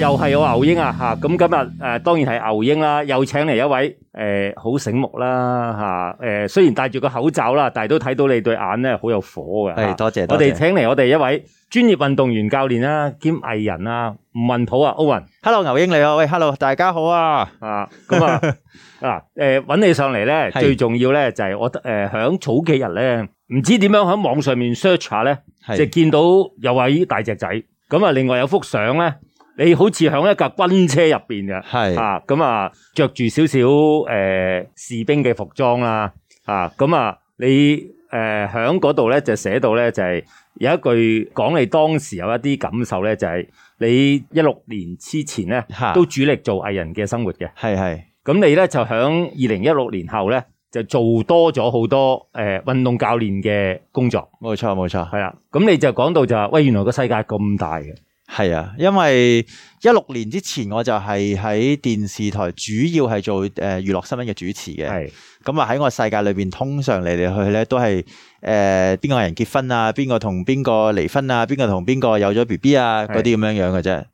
又係我牛英啊吓，咁今日誒，當然係牛英啦，又請嚟一位誒，好、欸、醒目啦吓，誒，雖然戴住個口罩啦，但係都睇到你對眼咧，好有火嘅。係多謝，多謝我哋請嚟我哋一位專業運動員教練啦，兼藝人啊，吳雲甫啊，Owen，Hello 牛英你啊，喂、hey，Hello 大家好啊，啊、嗯，咁啊嗱，誒，搵你上嚟咧， 最重要咧就係我誒，響早幾日咧，唔知點樣喺網上面 search 下咧，就見到有位大隻仔，咁啊，另外有幅相咧。你好似響一架軍車入邊嘅，係是啊，咁啊着住少少誒士兵嘅服裝啦，啊咁啊你誒響嗰度咧就寫到咧就係、是、有一句講你當時有一啲感受咧就係、是、你一六年之前咧是都主力做藝人嘅生活嘅。係係咁你咧就響二零一六年後咧就做多咗好多誒運動教練嘅工作，冇錯冇錯，係啊，咁你就講到就話喂，原來個世界咁大嘅。係啊，因為一六年之前我就係喺電視台，主要係做誒娛樂新聞嘅主持嘅。係咁啊，喺我世界裏邊，通常嚟嚟去去咧，都係誒邊個人結婚啊，邊個同邊個離婚啊，邊個同邊個有咗 BB 啊，嗰啲咁樣樣嘅啫。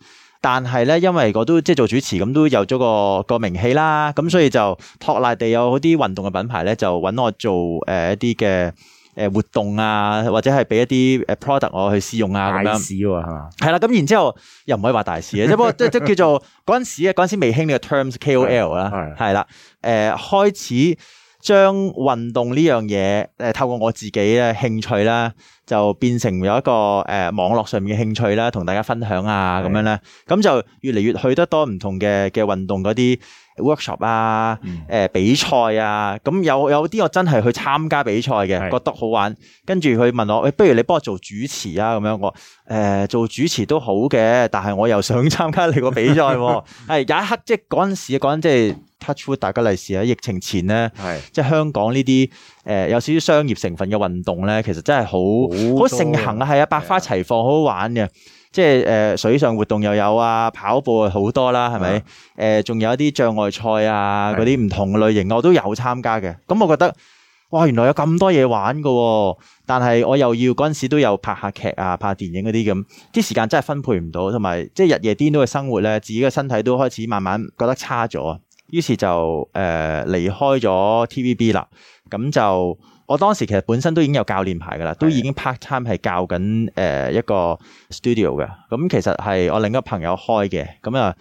但係咧，因為我都即係做主持，咁都有咗個個名氣啦，咁所以就托賴地有好啲運動嘅品牌咧，就搵我做誒一啲嘅。誒，活動啊，或者係俾一啲誒 product 我去試用啊，咁、啊、樣係啦，咁然之後又唔可以話大事嘅、啊，只不過即係叫做嗰陣時啊，陣時未興呢個 terms K O L 啦，係啦的，誒、呃，開始。將運動呢樣嘢，誒，透過我自己嘅興趣啦，就變成有一個誒網絡上面嘅興趣啦，同大家分享啊，咁樣咧，咁就越嚟越去得多唔同嘅嘅運動嗰啲 workshop 啊，誒比賽啊，咁有有啲我真係去參加比賽嘅，覺得好玩，跟住佢問我，誒，不如你幫我做主持啊，咁樣我誒做主持都好嘅，但係我又想參加你個比賽，係有、哎、有一刻即係嗰陣時嗰陣即係。Touch wood 大吉利是。啊！疫情前咧，是即係香港呢啲誒有少少商業成分嘅運動咧，其實真係好好，好盛行啊！係啊，百花齊放，好好玩嘅。即係誒、呃、水上活動又有啊，跑步好多啦，係咪？誒仲、呃、有一啲障礙賽啊，嗰啲唔同類型我都有參加嘅。咁、嗯、我覺得哇，原來有咁多嘢玩嘅，啊，但係我又要嗰陣時都有拍下劇啊、拍下電影嗰啲咁，啲時間真係分配唔到，同埋即係日夜顛倒嘅生活咧，自己嘅身體都開始慢慢覺得差咗啊！於是就誒、呃、離開咗 TVB 啦，咁就我當時其實本身都已經有教練牌㗎喇，的都已經 part time 係教緊誒、呃、一個 studio 嘅，咁其實係我另一個朋友開嘅，咁啊。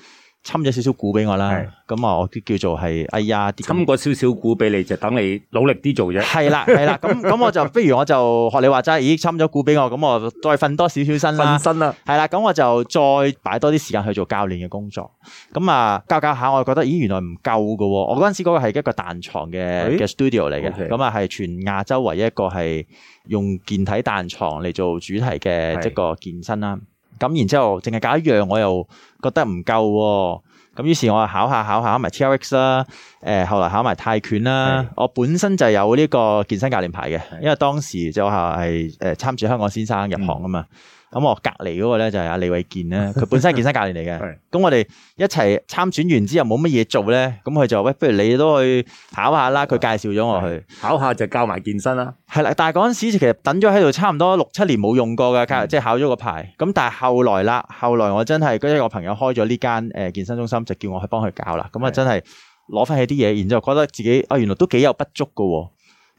參咗少少股俾我啦，咁啊的，我叫做係，哎呀，啲咁個少少股俾你， 就等你努力啲做啫。係 啦，係啦，咁咁我就不如我就學你話齋，咦，參咗股俾我，咁我再瞓多少少身啦。身啦了，係啦，咁我就再擺多啲時間去做教練嘅工作。咁、嗯、啊，教教下我，覺得咦，原來唔夠噶。我嗰陣時嗰個係一個彈床嘅嘅 studio 嚟嘅，咁啊係全亞洲唯一一個係用健體彈床嚟做主題嘅一個健身啦。咁然之後，淨係搞一樣，我又覺得唔夠喎。咁於是我考下考下，考埋 TRX 啦。誒、呃，後來考埋泰拳啦。的我本身就有呢個健身教練牌嘅，因為當時就係係誒參住香港先生入行啊嘛。嗯咁我隔籬嗰個咧就係阿李偉健咧，佢本身係健身教練嚟嘅。咁 我哋一齊參選完之後冇乜嘢做咧，咁佢就喂，不如你都去考下啦。佢介紹咗我去考下就教埋健身啦。係啦，但係嗰陣時其實等咗喺度差唔多六七年冇用過噶，即係考咗個牌。咁但係後來啦，後來我真係嗰一個朋友開咗呢間誒健身中心，就叫我去幫佢教啦。咁啊，真係攞翻起啲嘢，然之後覺得自己啊原來都幾有不足噶。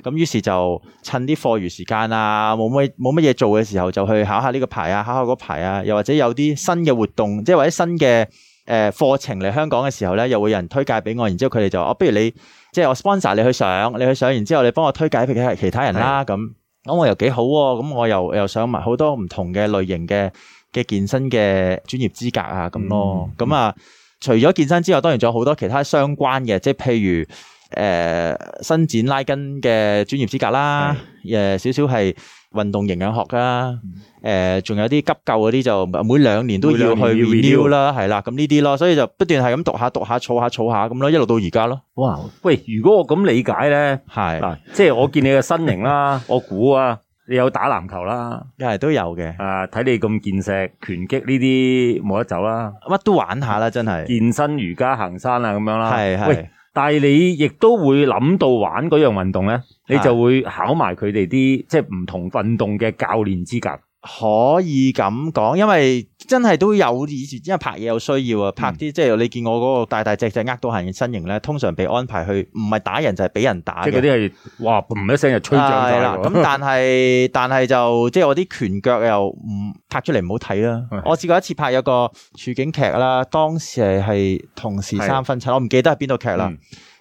咁於是就趁啲課餘時間啊，冇咩冇乜嘢做嘅時候，就去考下呢個牌啊，考下嗰個牌啊。又或者有啲新嘅活動，即係或者新嘅誒課程嚟香港嘅時候咧，又會有人推介俾我。然之後佢哋就哦，不如你即係我 sponsor 你去上，你去上，然之後你幫我推介俾其他人啦、啊。咁咁的我又幾好喎、啊。咁我又又上埋好多唔同嘅類型嘅嘅健身嘅專業資格啊。咁咯、嗯，咁啊，除咗健身之外，當然仲有好多其他相關嘅，即係譬如。誒，伸展拉筋嘅專業資格啦，誒，少少係運動營養學啦，誒，仲有啲急救嗰啲就每兩年都要去 review 啦，係啦，咁呢啲咯，所以就不斷係咁讀下讀下，儲下儲下咁咯，一路到而家咯。哇，喂，如果我咁理解咧，係，即係我見你嘅身形啦，我估啊，你有打籃球啦，一係都有嘅，啊，睇你咁健碩，拳擊呢啲冇得走啦，乜都玩下啦，真係健身、瑜伽、行山啊，咁樣啦，係，喂。但係你亦都會諗到玩嗰樣運動咧，你就會考埋佢哋啲即係唔同運動嘅教練資格。可以咁講，因為真係都有以前，因為拍嘢有需要啊，拍啲即係你見我嗰個大大隻隻呃到人嘅身形咧，通常被安排去唔係打人就係俾人打嘅，即嗰啲係哇唔一聲就吹掌咗啦。咁但係但係就即係我啲拳腳又唔拍出嚟唔好睇啦。我試過一次拍有個處境劇啦，當時係同時三分七，我唔記得係邊套劇啦。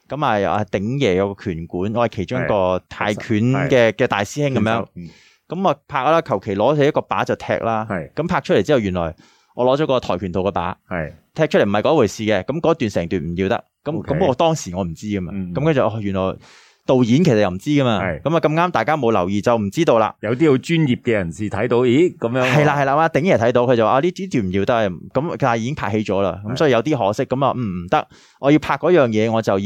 咁啊阿鼎爺有個拳館，我係其中一個泰拳嘅嘅大師兄咁樣。咁啊拍啦，求其攞起一個靶就踢啦。係咁拍出嚟之後，原來我攞咗個跆拳道嘅靶，踢出嚟唔係嗰回事嘅。咁嗰段成段唔要得。咁咁我當時我唔知噶嘛。咁跟住哦，原來導演其實又唔知噶嘛。咁啊咁啱大家冇留意就唔知道啦。有啲好專業嘅人士睇到，咦咁樣。係啦係啦，哇！鼎爺睇到佢就話啊呢啲段唔要得，咁但係已經拍起咗啦，咁所以有啲可惜。咁啊唔唔得，我要拍嗰樣嘢，我就要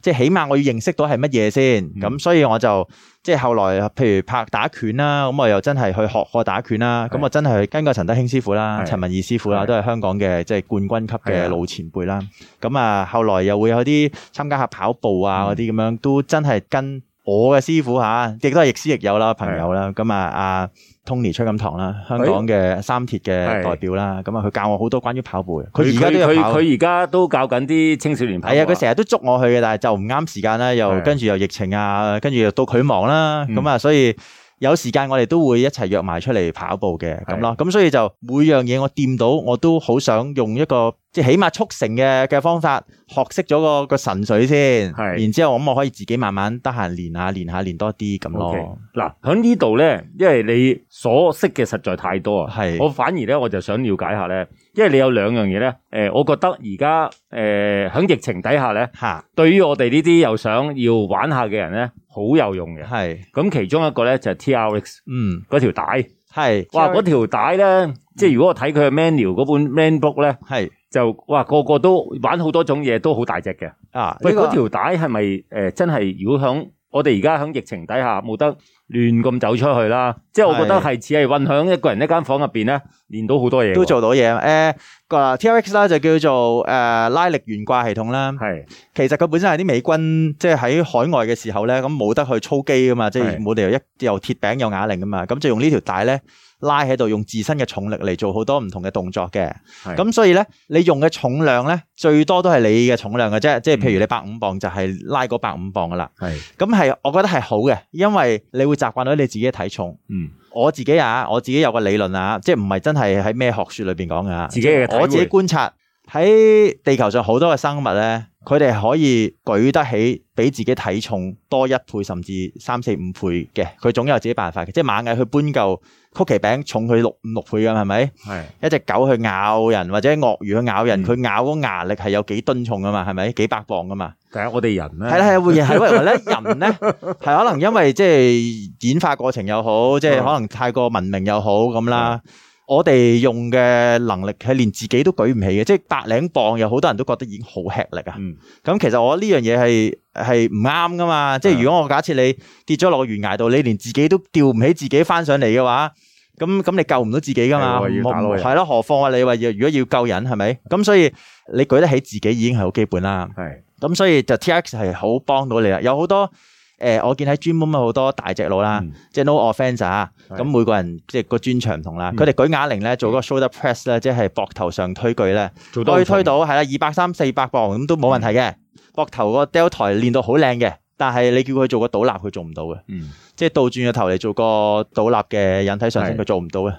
即係起碼我要認識到係乜嘢先。咁所以我就。即係後來，譬如拍打拳啦，咁我又真係去學過打拳啦，咁是的 我真係跟個陳德興師傅啦、是的 陳文義師傅啦，是的 都係香港嘅即係冠軍級嘅老前輩啦。咁啊，後來又會有啲參加下跑步啊嗰啲咁樣，都真係跟。我嘅師傅嚇，亦都係亦師亦友啦，朋友啦。咁的啊，阿 Tony 出緊堂啦，香港嘅三鐵嘅代表啦。咁啊的，佢教我好多關於跑步嘅。佢而家佢佢而家都教緊啲青少年跑步。係啊，佢成日都捉我去嘅，但係就唔啱時間啦，又的跟住又疫情啊，跟住又到佢忙啦。咁啊的，所以。嗯有時間我哋都會一齊約埋出嚟跑步嘅咁是的 咯。咁所以就每樣嘢我掂到，我都好想用一個即係起碼速成嘅嘅方法，學識咗個個神髓先，係，是的 然之後咁我可以自己慢慢得閒練下、練下、練多啲咁咯。嗱、okay.，喺呢度咧，因為你所識嘅實在太多啊，係，是的 我反而咧我就想了解下咧，因為你有兩樣嘢咧，誒、呃，我覺得而家誒喺疫情底下咧，吓，哈 對於我哋呢啲又想要玩下嘅人咧。好有用嘅，係咁是 其中一個咧就係 TRX，嗯條帶，嗰條帶係，哇嗰條帶咧，嗯、即係如果我睇佢嘅 menu 嗰本 manbook 咧，係是 就哇個個都玩好多種嘢，都好大隻嘅啊！喂、這個，嗰條帶係咪誒真係如果響？我哋而家喺疫情底下冇得亂咁走出去啦，即係我覺得係只係困喺一個人一間房入邊咧練到好多嘢，都做到嘢。誒、呃，嗱，T R X 啦就叫做誒、呃、拉力懸掛系統啦，係，是 其實佢本身係啲美軍即係喺海外嘅時候咧，咁冇得去操機噶嘛，是 即係我哋冇理由又鐵餅又啞鈴噶嘛，咁就用條帶呢條帶咧。拉喺度用自身嘅重力嚟做好多唔同嘅動作嘅，咁是的 所以咧，你用嘅重量咧，最多都係你嘅重量嘅啫，即係譬如你百五磅就係拉過百五磅噶啦，係咁係，我覺得係好嘅，因為你會習慣到你自己嘅體重。嗯，我自己啊，我自己有個理論啊，即係唔係真係喺咩學說裏邊講噶，自己我自己觀察喺地球上好多嘅生物咧。佢哋可以舉得起比自己體重多一倍甚至三四五倍嘅，佢總有自己辦法嘅。即係螞蟻去搬嚿曲奇餅，重佢六五六倍咁，係咪？係一隻狗去咬人，或者鱷魚去咬人，佢咬個牙力係有幾噸重㗎嘛？係咪？幾百磅㗎嘛？但係我哋人呢，係啦係啦，會係因為咧人呢係可能因為即係演化過程又好，即係可能太過文明又好咁啦。我哋用嘅能力係連自己都舉唔起嘅，即係百多磅有好多人都覺得已經好吃力啊。咁、嗯、其實我呢樣嘢係係唔啱噶嘛。即係如果我假設你跌咗落個懸崖度，你連自己都吊唔起自己翻上嚟嘅話，咁咁你救唔到自己噶嘛。係咯，何況話、啊、你話要如果要救人係咪？咁所以你舉得起自己已經係好基本啦。係的，咁所以就 TRX 係好幫到你啦。有好多。誒，我見喺 gym 好多大隻佬啦，即係 No Offense 啊，咁每個人即係個專長唔同啦。佢哋舉啞鈴咧，做嗰個 Shoulder Press 咧，即係膊頭上推舉咧，推推到係啦，二百三四百磅咁都冇問題嘅。膊頭個 Delta 台練到好靚嘅，但係你叫佢做個倒立，佢做唔到嘅。即係倒轉個頭嚟做個倒立嘅引體上升，佢做唔到嘅。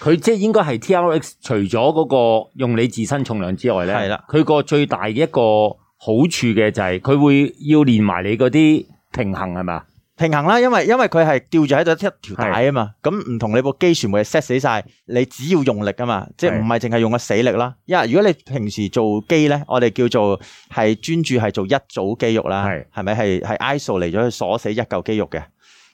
佢即係應該係 TRX，除咗嗰個用你自身重量之外咧，係啦，佢個最大嘅一個好處嘅就係佢會要練埋你嗰啲。平衡係嘛？平衡啦，因為因為佢係吊住喺度一條帶啊嘛。咁唔是同你部機全部係 set 死晒，你只要用力啊嘛，是即係唔係淨係用個死力啦。因為如果你平時做機咧，我哋叫做係專注係做一組肌肉啦，係咪係係 ISO 嚟咗去鎖死一嚿肌肉嘅。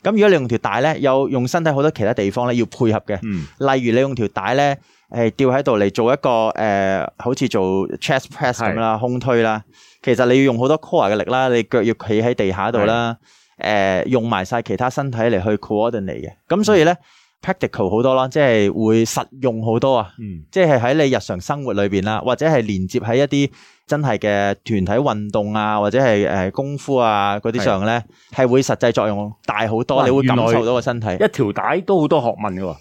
咁如果你用條帶咧，有用身體好多其他地方咧要配合嘅，嗯、例如你用條帶咧，誒、呃、吊喺度嚟做一個誒、呃，好似做 chest press 咁啦，胸是 推啦，其實你要用好多 core 嘅力啦，你腳要企喺地下度啦，誒是、呃、用埋晒其他身體嚟去 coordinate 嘅，咁所以咧。嗯 practical 好多啦，即係會實用好多啊，嗯、即係喺你日常生活裏邊啦，或者係連接喺一啲真係嘅團體運動啊，或者係誒功夫啊嗰啲上咧，係的會實際作用大好多，哇你會感受到個身體一條帶都好多學問嘅、啊。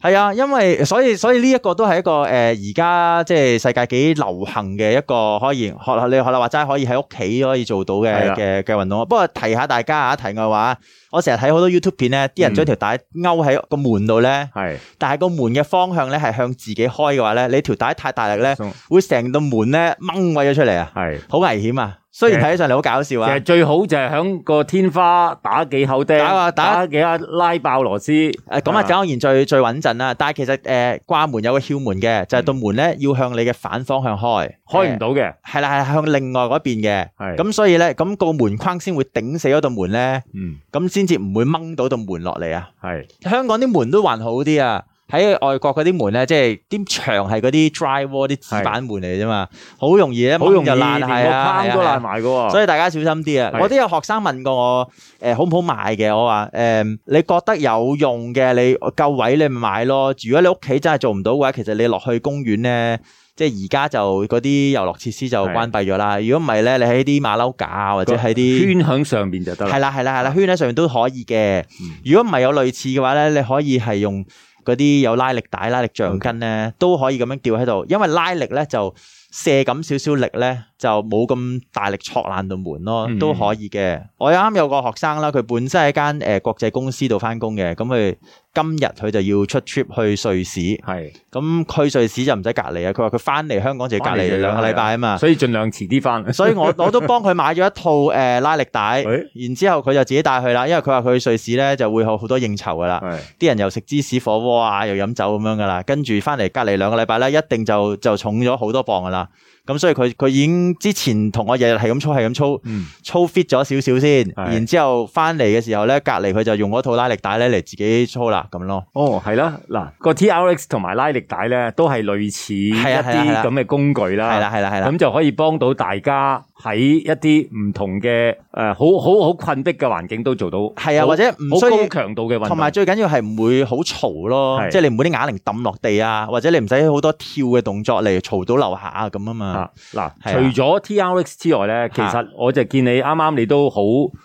係 啊，因為所以所以呢一個都係一個誒而家即係世界幾流行嘅一個可以、嗯、學你可能話齋可以喺屋企可以做到嘅嘅嘅運動。不過提下大家啊，提我話，我成日睇好多 YouTube 片咧，啲人將條帶勾喺、嗯、個門度咧，係，但係個門嘅方向咧係向自己開嘅話咧，你條帶太大力咧，會成道門咧掹位咗出嚟的啊，係，好危險啊！雖然睇起上嚟好搞笑啊，其實最好就係響個天花打幾口釘，打啊打幾下拉爆螺絲。誒，咁啊，當然最最穩陣啦。但係其實誒，掛門有個竅門嘅，就係道門咧要向你嘅反方向開，開唔到嘅。係啦，係向另外嗰邊嘅。係，咁所以咧，咁個門框先會頂死嗰道門咧。嗯。咁先至唔會掹到道門落嚟啊。係。香港啲門都還好啲啊。喺外國嗰啲門咧，即係啲牆係嗰啲 drywall 啲紙板門嚟啫嘛，好是容易啊，好容易就爛。係啊，冚都爛埋噶。所以大家小心啲啊！是我都有學生問過我，誒、呃，好唔好買嘅？我話誒、呃，你覺得有用嘅，你夠位你咪買咯。如果你屋企真係做唔到嘅話，其實你落去公園咧，即係而家就嗰啲遊樂設施就關閉咗啦。如果唔係咧，你喺啲馬騮架啊，或者喺啲圈響上面就得。係啦係啦係啦，圈喺上面都可以嘅。如果唔係有類似嘅話咧，你可以係用。嗰啲有拉力帶、拉力橡筋咧，都可以咁樣吊喺度，因為拉力咧，就射咁少少力咧。就冇咁大力戳爛到門咯，都可以嘅。嗯、我啱有個學生啦，佢本身喺間誒國際公司度翻工嘅，咁佢今日佢就要出 trip 去瑞士，係咁去瑞士就唔使隔離啊。佢話佢翻嚟香港就隔離兩個禮拜啊嘛，嗯、所以盡量遲啲翻。 所以我我都幫佢買咗一套誒拉力帶，然之後佢就自己帶去啦。因為佢話佢去瑞士咧就會好好多應酬噶啦，啲是人又食芝士火鍋啊，又飲酒咁樣噶啦，跟住翻嚟隔離兩個禮拜咧，一定就就重咗好多磅噶啦。咁所以佢佢已經之前同我日日係咁操係咁操，嗯、操 fit 咗少少先，係啦，然之後翻嚟嘅時候咧，隔離佢就用嗰套拉力帶咧嚟自己操啦，咁咯。哦，係啦，嗱、個 TRX 同埋拉力帶咧都係類似一啲咁嘅工具啦，係啦係啦係啦，咁就可以幫到大家。喺一啲唔同嘅，誒、呃，好好好困迫嘅環境都做到，係啊，或者唔需要高強度嘅運動，同埋最緊要係唔會好嘈咯，啊、即係你唔會啲啞鈴抌落地啊，或者你唔使好多跳嘅動作嚟，嘈到樓下啊咁啊嘛。嗱、啊，啊、除咗 TRX 之外咧，啊、其實我就見你啱啱你都好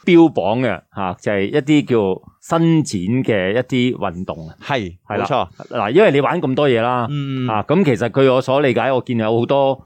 標榜嘅吓、啊，就係、是、一啲叫伸展嘅一啲運動啊，係錯，係冇錯。嗱，因為你玩咁多嘢啦，吓、啊、咁、啊、其實佢據我所理解，我見有好多。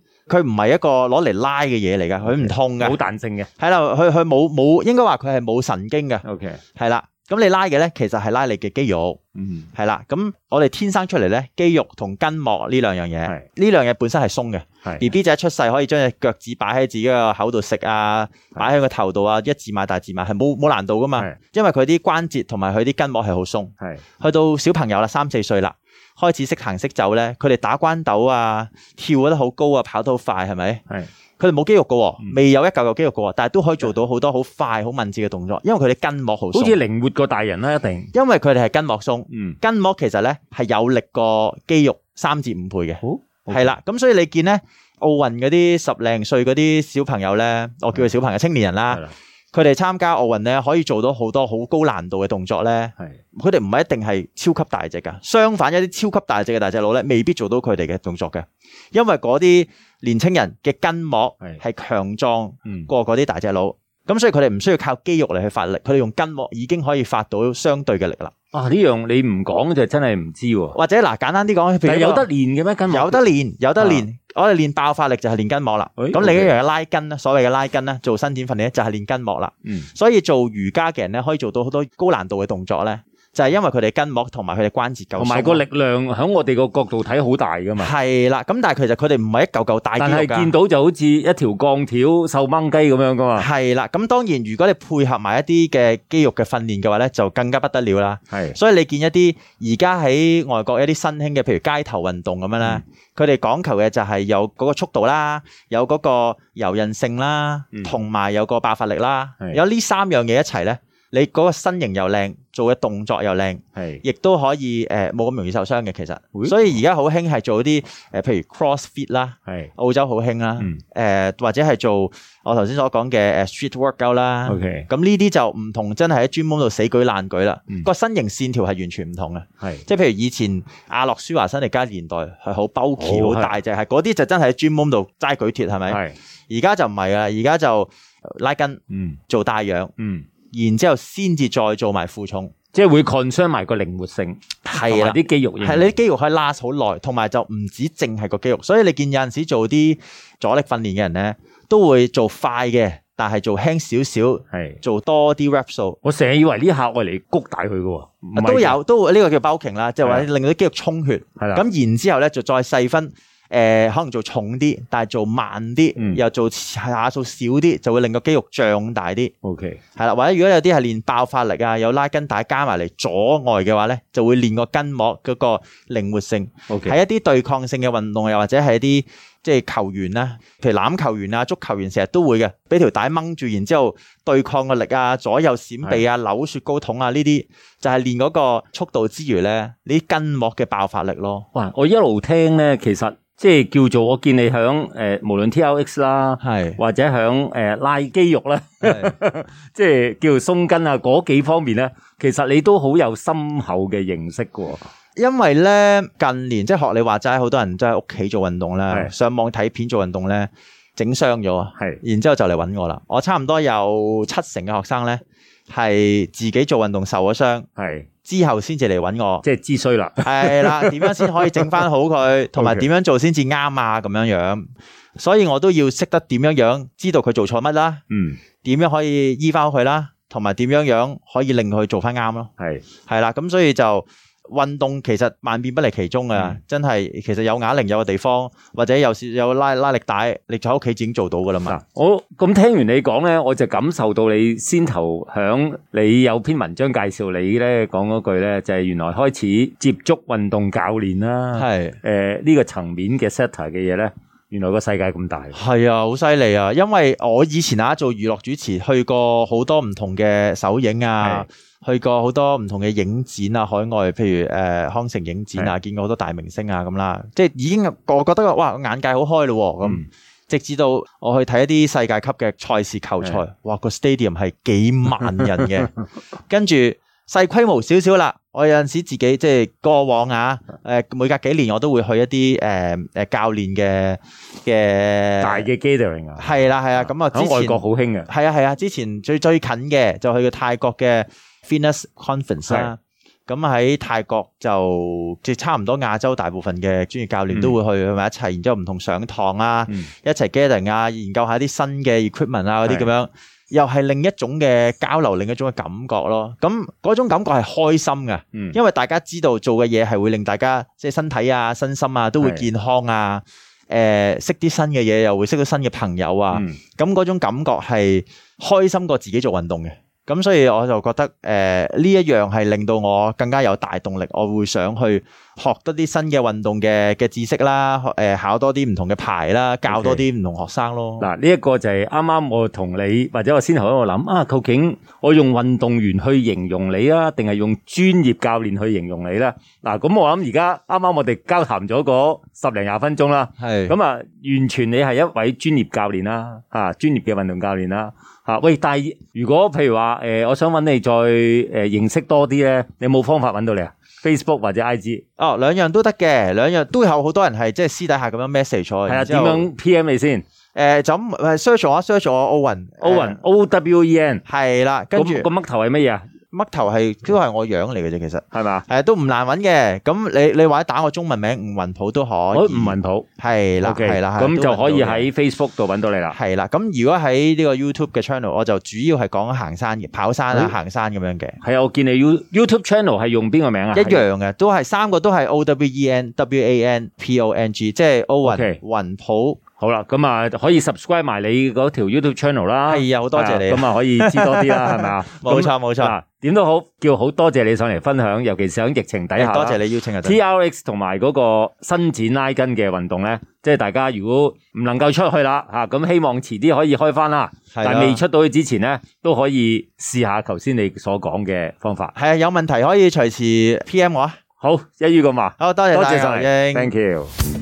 佢唔係一個攞嚟拉嘅嘢嚟噶，佢唔痛嘅，冇彈性嘅。係啦，佢佢冇冇，應該話佢係冇神經嘅。O K。係啦，咁你拉嘅咧，其實係拉你嘅肌肉，係啦、嗯哼，咁我哋天生出嚟咧，肌肉同筋膜呢兩樣嘢，呢兩樣嘢本身係鬆嘅。B B 仔出世可以將隻腳趾擺喺自己個口度食啊，擺喺個頭度啊，的一字馬大字馬係冇冇難度噶嘛的，因為佢啲關節同埋佢啲筋膜係好鬆。去到小朋友啦，三四歲啦。開始識行識走咧，佢哋打關斗啊，跳得好高啊，跑得好快，係咪？係的。佢哋冇肌肉嘅喎，未有一嚿有肌肉嘅喎，但係都可以做到好多好快好敏捷嘅動作，因為佢哋筋膜好鬆。好似靈活過大人啦，一定。因為佢哋係筋膜鬆，筋膜其實咧係有力過肌肉三至五倍嘅。好、哦。係、okay. 啦，咁所以你見咧奧運嗰啲十零歲嗰啲小朋友咧，我叫佢小朋友、青年人啦。嗯佢哋參加奧運咧，可以做到好多好高難度嘅動作咧。係，佢哋唔係一定係超級大隻㗎。相反，一啲超級大隻嘅大隻佬咧，未必做到佢哋嘅動作嘅，因為嗰啲年輕人嘅筋膜係強壯過嗰啲大隻佬。咁、嗯、所以佢哋唔需要靠肌肉嚟去發力，佢哋用筋膜已經可以發到相對嘅力喇。哇！呢樣、啊、你唔講就真係唔知喎。或者嗱，簡單啲講，譬如有得練嘅咩筋膜，有得練，有得練。我哋練爆發力就係練筋膜啦。咁、哎、你又有拉筋啦，所謂嘅拉筋咧，做伸展訓練就係練筋膜啦。嗯。所以做瑜伽嘅人咧，可以做到好多高難度嘅動作呢。就係因為佢哋筋膜同埋佢哋關節夠，同埋個力量喺我哋個角度睇好大噶嘛。係啦，咁但係其實佢哋唔係一嚿嚿大啲噶。但係見到就好似一條鋼條瘦掹雞咁樣噶嘛。係啦，咁當然如果你配合埋一啲嘅肌肉嘅訓練嘅話咧，就更加不得了啦。係，所以你見一啲而家喺外國一啲新興嘅，譬如街頭運動咁樣咧，佢哋講求嘅就係有嗰個速度啦，有嗰個柔韌性啦，同埋有個爆發力啦，有呢三樣嘢一齊咧。你嗰個身形又靚，做嘅動作又靚，係，亦都可以誒冇咁容易受傷嘅其實。所以而家好興係做啲誒，譬如 CrossFit 啦，係，澳洲好興啦，誒或者係做我頭先所講嘅誒 Street Workout 啦。OK，咁呢啲就唔同真係喺 gym room 度死舉爛舉啦。個身形線條係完全唔同嘅，係，即係譬如以前阿諾舒華辛力加年代係好 bulky 好大隻，係嗰啲就真係喺 gym room 度齋舉鐵係咪？係，而家就唔係啦，而家就拉筋，嗯，做帶氧，嗯。然之後先至再做埋負重，即係會 concern 埋個靈活性。係啊的，啲肌肉係你啲肌肉可以拉好耐，同埋就唔止淨係個肌肉。所以你見有陣時做啲阻力訓練嘅人咧，都會做快嘅，但係做輕少少，係的做多啲 rep 數。我成日以為呢下我嚟谷大佢嘅喎，都有都呢、這個叫 bulking，即係話令到啲肌肉充血。係啦的，咁然之後咧就再細分。誒、呃、可能做重啲，但係做慢啲，又做下數少啲，就會令個肌肉脹大啲。O K 係啦，或者如果有啲係練爆發力啊，有拉筋帶加埋嚟阻礙嘅話咧，就會練個筋膜嗰個靈活性。O K 喺一啲對抗性嘅運動，又或者係一啲即係球員啦，譬如籃球員啊、足球員，成日都會嘅，俾條帶掹住，然之後對抗嘅力啊、左右閃避啊、扭雪糕筒啊呢啲，的就係練嗰個速度之餘咧，啲筋膜嘅爆發力咯。哇！我一路聽咧，其實～即係叫做我見你響誒、呃，無論 TRX 啦是，係或者響誒、呃、拉肌肉啦，是 即係叫做鬆筋啊，嗰幾方面咧，其實你都好有深厚嘅認識嘅。因為咧，近年即係學你話齋，好多人都喺屋企做運動咧，是上網睇片做運動咧，整傷咗，係是，然之後就嚟揾我啦。我差唔多有七成嘅學生咧，係自己做運動受咗傷，係是。之後先至嚟揾我即，即係知需啦，係啦，點樣先可以整翻好佢，同埋點樣做先至啱啊？咁樣樣，所以我都要識得點樣樣，知道佢做錯乜啦，嗯，點樣可以醫翻佢啦，同埋點樣樣可以令佢做翻啱咯，係係啦，咁所以就。運動其實萬變不離其宗啊，嗯、真係其實有啞鈴有個地方，或者有是有拉拉力帶，你喺屋企自己做到噶啦嘛。好、啊，咁聽完你講咧，我就感受到你先頭響你有篇文章介紹你咧講嗰句咧，就係、是、原來開始接觸運動教練啦、啊。係誒是、呃這個、呢個層面嘅 set 嘅嘢咧。原來個世界咁大，係啊，好犀利啊！因為我以前啊做娛樂主持，去過好多唔同嘅首映啊，是的 去過好多唔同嘅影展啊，海外譬如誒、呃、康城影展啊，見過好多大明星啊咁啦，即係已經我覺得哇眼界好開咯咁、啊。嗯、直至到我去睇一啲世界級嘅賽事球賽，是的 哇個 stadium 係幾萬人嘅， 跟住。細規模少少啦，我有陣時自己即係過往啊，誒每隔幾年我都會去一啲誒誒教練嘅嘅大嘅 gathering 啊，係啦係啊，咁啊，喺外國好興嘅，係啊係啊，之前最最近嘅就去個泰國嘅 fitness conference 啦、啊，咁喺、啊、泰國就即係差唔多亞洲大部分嘅專業教練都會去去埋、嗯、一齊，然之後唔同上堂啊，嗯、一齊 gathering 啊，研究一下啲新嘅 equipment 啊嗰啲咁樣。又係另一種嘅交流，另一種嘅感覺咯。咁嗰種感覺係開心嘅，嗯、因為大家知道做嘅嘢係會令大家即係身體啊、身心啊都會健康啊。誒是的、呃，識啲新嘅嘢，又會識到新嘅朋友啊。咁嗰、嗯、種感覺係開心過自己做運動嘅。咁所以我就覺得誒，呢、呃、一樣係令到我更加有大動力，我會想去。學多啲新嘅運動嘅嘅知識啦，誒，考多啲唔同嘅牌啦，教多啲唔同學生咯。嗱，呢一個就係啱啱我同你或者我先頭喺度諗啊，究竟我用運動員去形容你啊，定係用專業教練去形容你咧？嗱、啊，咁我諗而家啱啱我哋交談咗嗰十零廿分鐘啦，係咁啊，完全你係一位專業教練啦，吓、啊，專業嘅運動教練啦，吓、啊。喂，但係如果譬如話誒、呃，我想揾你再誒、呃、認識多啲咧，你冇方法揾到你啊？Facebook 或者 I G 哦，兩樣都得嘅，兩樣都有好多人係即係私底下咁樣 message，係啊、嗯，點樣 P M 你先？誒、呃，就咁 search 我，search 我，Owen，Owen，O W E N，係啦，跟住個唛頭係乜嘢啊？乜頭係都係我樣嚟嘅啫，其實係嘛？係都唔難揾嘅。咁你你或者打我中文名吳雲甫都可以。吳雲甫。係啦，係啦，咁就可以喺 Facebook 度揾到你啦。係啦，咁如果喺呢個 YouTube 嘅 channel，我就主要係講行山、跑山啊、行山咁樣嘅。係啊，我見你 YouTube channel 係用邊個名啊？一樣嘅，都係三個都係 O W E N W A N P O N G，即係 O 雲雲普。好啦，咁啊可以 subscribe 埋你嗰條 YouTube channel 啦。係啊，好多謝你。咁啊可以知多啲啦，係咪啊？冇錯冇錯。點都好，叫好多謝你上嚟分享，尤其是喺疫情底下、嗯。多謝你邀請啊。TRX 同埋嗰個伸展拉筋嘅運動咧，即係大家如果唔能夠出去啦吓，咁、啊、希望遲啲可以開翻啦。的但係未出到去之前咧，都可以試下頭先你所講嘅方法。係啊，有問題可以隨時 PM 我。啊！好，一於咁話。好多謝多謝晒，牛英 Thank you。